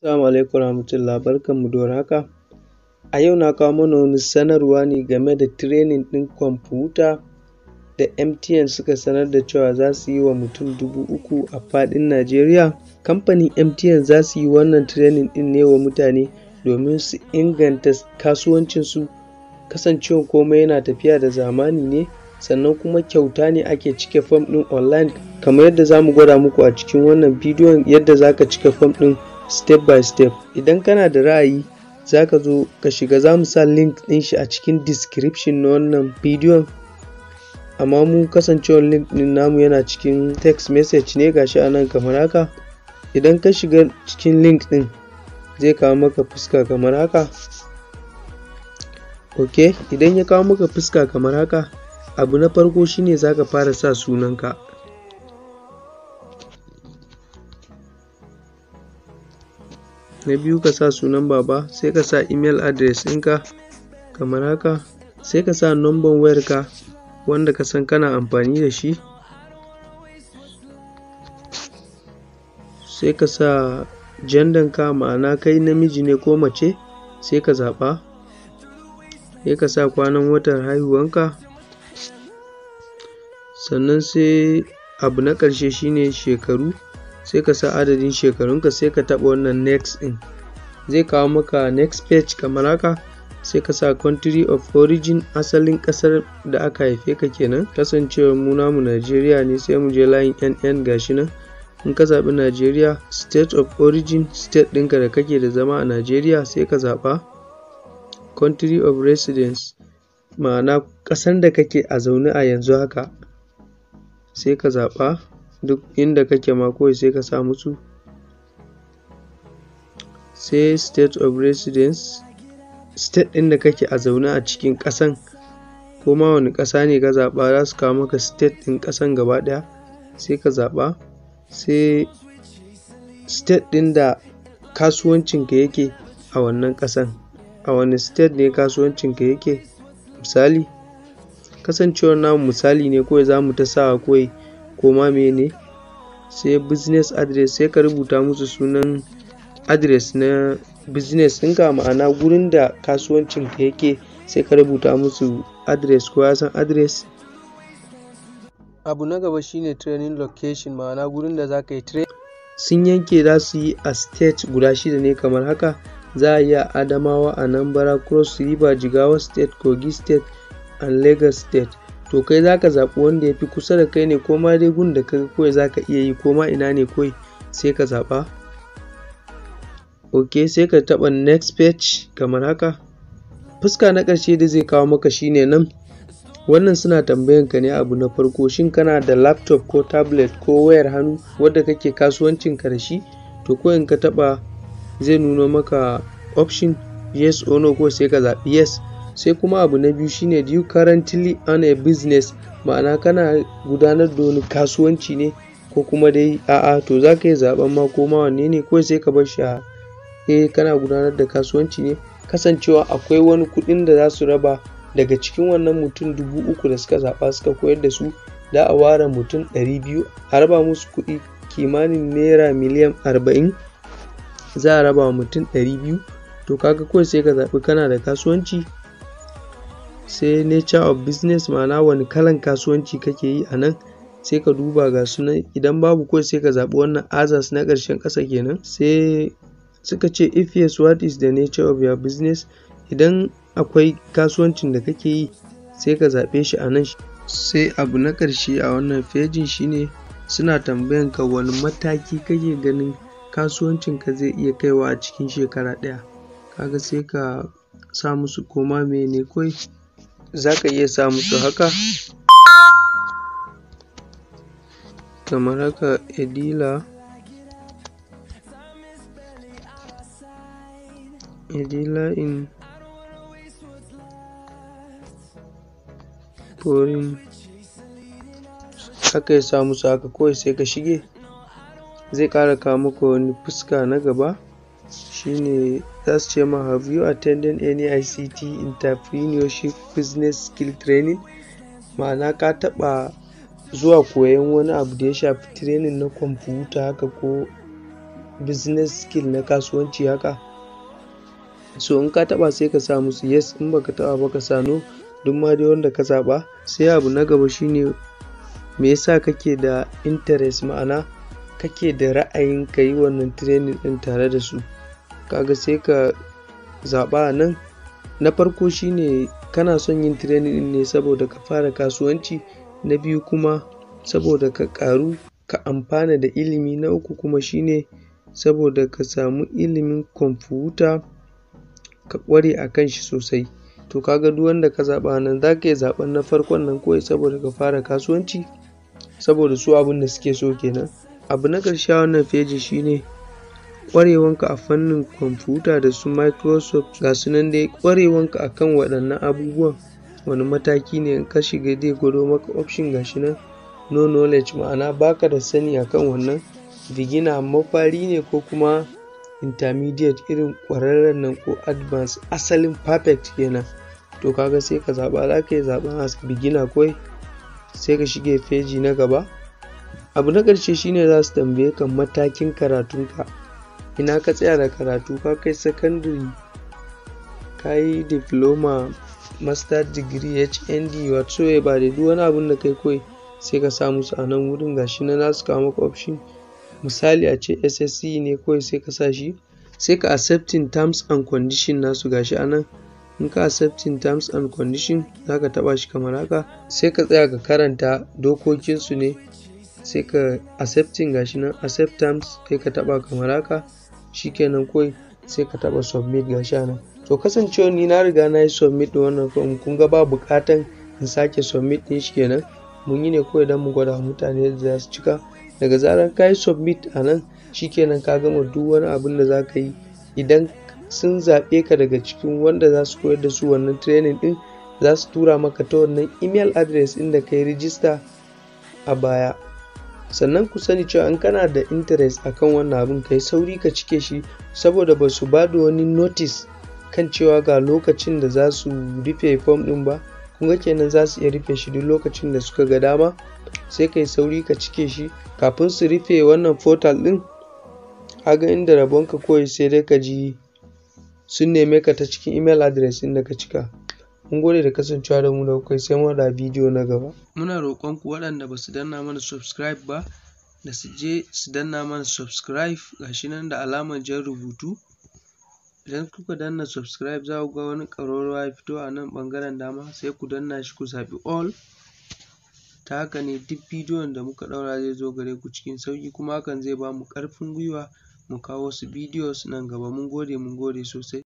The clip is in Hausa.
Assalamu alaikum warahmatullah barkanmu da warhaka. A yau na kawo mana wani sanarwa ne game da training ɗin kwamfuta da MTN suka sanar da cewa za su yi wa mutum dubu uku a faɗin Najeriya. Kamfanin MTN za su yi wannan training ɗin ne wa mutane domin su inganta kasuwancinsu kasancewa komai yana tafiya da zamani ne sannan kuma kyauta ne ake cike fom ɗin online kamar yadda za mu gwada muku a cikin wannan bidiyon yadda za ka cike fom ɗin step by step idan kana da ra'ayi za ka zo ka shiga za mu sa link ɗin shi a cikin description na wannan bidiyon amma mu kasancewar link ɗin namu yana cikin text message ne gashi a nan kamar haka idan ka shiga cikin link ɗin zai kawo maka fuska kamar haka ok idan ya kawo maka fuska kamar haka abu na farko shine za ka fara sa sunanka na biyu ka sa sunan baba sai ka sa email address ɗinka kamar haka sai ka sa number wayarka wanda ka san kana amfani da shi sai ka sa jandan ka ma'ana kai namiji ne ko mace sai ka zaɓa sai ka sa kwanan watan haihuwanka sannan sai abu na ƙarshe shine shekaru sai ka sa adadin shekarunka sai ka taɓa wannan next in zai kawo maka next page kamar haka sai ka sa country of origin asalin ƙasar da aka haife ka kenan kasancewar mu namu Najeriya ne sai mu je layin NN gashi nan in ka zaɓi Najeriya state of origin state ɗinka da kake da zama a Najeriya sai ka zaɓa country of residence ma'ana ƙasar da kake a zaune a yanzu haka sai ka zaɓa duk inda kake ma kawai sai ka sa musu sai state of residence state ɗin da kake a zaune a cikin ƙasan ko ma wani ƙasa ne ka zaɓa za su kawo maka state ɗin ƙasan gaba ɗaya sai ka zaɓa sai state ɗin da kasuwancinka yake a wannan ƙasan a wani state ne kasuwancinka yake misali kasancewar namu misali ne kawai za mu ta sawa kawai ko ma mene sai business address sai ka rubuta musu sunan address na business ɗinka ma'ana gurin da kasuwancin ka yake sai ka rubuta musu address ko ya san address abu na gaba shine training location ma'ana gurin da za ka yi training sun yanke za su yi a state guda shida ne kamar haka za a iya adamawa a nambara cross river jigawa state kogi state and lagos state to kai za ka zaɓi wanda ya fi kusa da kai ne ko ma dai gun da kai kawai za ka iya yi ko ma ina ne kawai sai ka zaɓa ok sai ka taɓa next page kamar haka fuska na ƙarshe da zai kawo maka shine nan wannan suna tambayan ka ne abu na farko shin kana da laptop ko tablet ko wayar hannu wadda kake kasuwancin ka da shi to ko in ka taɓa zai nuno maka option yes or no ko sai ka zaɓi yes sai kuma abu na biyu shine do you currently on a business ma'ana kana gudanar da wani kasuwanci ne ko kuma dai a'a to za ka yi zaɓen ma ko ma wanne ne kawai sai ka bar shi a eh kana gudanar da kasuwanci ne kasancewa akwai wani kuɗin da za su raba daga cikin wannan mutum dubu uku da suka zaɓa suka koyar da su za a ware mutum ɗari biyu a raba musu kuɗi kimanin naira miliyan arba'in za a raba wa mutum ɗari biyu to kaga kawai sai ka zaɓi kana da kasuwanci sai nature of business ma'ana wani kalan kasuwanci kake yi a nan sai ka duba ga su nan idan babu kawai sai ka zaɓi wannan azas na ƙarshen ƙasa kenan sai suka ce if yes what is the nature of your business idan akwai kasuwancin da kake yi sai ka zaɓe shi a nan sai abu na ƙarshe a wannan fejin shine suna tambayan ka wani mataki kake ganin kasuwancin ka zai iya kaiwa a cikin shekara ɗaya kaga sai ka sa musu koma mene kawai za ka iya sa musu haka kamar haka edila edila in foreign haka ya sa musu haka kawai sai ka shige zai ƙara kawo maka wani fuska na gaba shine za su ce ma have you attended any ICT entrepreneurship business skill training ma'ana ka taɓa zuwa koyon wani abu da ya shafi training na kwamfuta haka ko business skill na kasuwanci haka so in ka taɓa sai ka sa musu yes in baka taɓa ba ka sano duk ma dai wanda ka zaɓa sai abu na gaba shine me yasa kake da interest ma'ana kake da ra'ayin ka yi wannan training ɗin tare da su kaga sai ka zaɓa nan na farko shine kana son yin training ne saboda ka fara kasuwanci na biyu kuma saboda ka ƙaru ka amfana da ilimi na uku kuma shine saboda ka samu ilimin kwamfuta ka ƙware a kan shi sosai to kaga duk wanda ka zaɓa nan za ka yi zaɓen na farkon nan kawai saboda ka fara kasuwanci saboda su abin da suke so kenan abu na ƙarshe wannan feji shine kwarewanka a fannin kwamfuta da su microsoft ga su nan dai a kan waɗannan abubuwan wani mataki ne in ka shiga dai gwado maka option ga shi nan no knowledge ma'ana baka da sani akan wannan bigina mafari ne ko kuma intermediate irin kwararren nan ko advanced asalin perfect kenan to kaga sai ka zaɓa za ka yi zaɓen as bigina kawai sai ka shige feji na gaba abu na ƙarshe shine za su tambaye ka matakin karatunka ina ka tsaya da karatu ka kai sakandare ka yi diploma master degree hnd whatsoever eh, da wani abun da kai kawai sai ka samu su a nan wurin gashi na nasu kawo maka option misali a ce ssc ne kawai sai ka sa shi sai ka accepting terms and condition nasu gashi a nan in ka accepting terms and condition za ka taba shi kamar haka sai ka tsaya ka karanta dokokinsu ne sai ka accepting gashi nan accept terms kai ka taba kamar haka shikenan kawai sai ka taɓa submit ga sha nan to kasancewa ni na riga na yi submit da wannan form kun ga ba bukatan in sake submit ne shikenan mun yi ne kawai don mu gwada mutane da za su cika daga zarar ka yi submit a nan shikenan ka gama duk wani abin da za ka yi idan sun zaɓe ka daga cikin wanda za su koyar da su wannan training ɗin za su tura maka ta wannan email address inda ka yi rijista a baya sannan ku sani cewa in kana da interest akan wannan abin kai sauri ka cike shi saboda ba su ba da wani notice kan cewa ga lokacin da za su rufe form din ba kun ga kenan za su iya rufe shi duk lokacin da suka ga dama sai kai sauri ka cike shi kafin su rufe wannan portal din ga inda ka kawai sai dai ka ji sun neme ka ta cikin email address ɗin da ka cika Mun gode da kasancewa da mu da kuka yi sai mun haɗu a bidiyo na gaba. Muna roƙon ku waɗanda ba su danna mana subscribe ba da su je su danna mana subscribe ga nan da alamar jan rubutu. Idan kuka danna subscribe za ku ga wani ƙararrawa ya fito a nan ɓangaren dama sai ku danna shi ku zaɓi all. Ta haka ne duk bidiyon da muka ɗaura zai zo gare ku cikin sauƙi kuma hakan zai ba mu ƙarfin gwiwa mu kawo wasu bidiyos nan gaba. Mun gode mun gode sosai.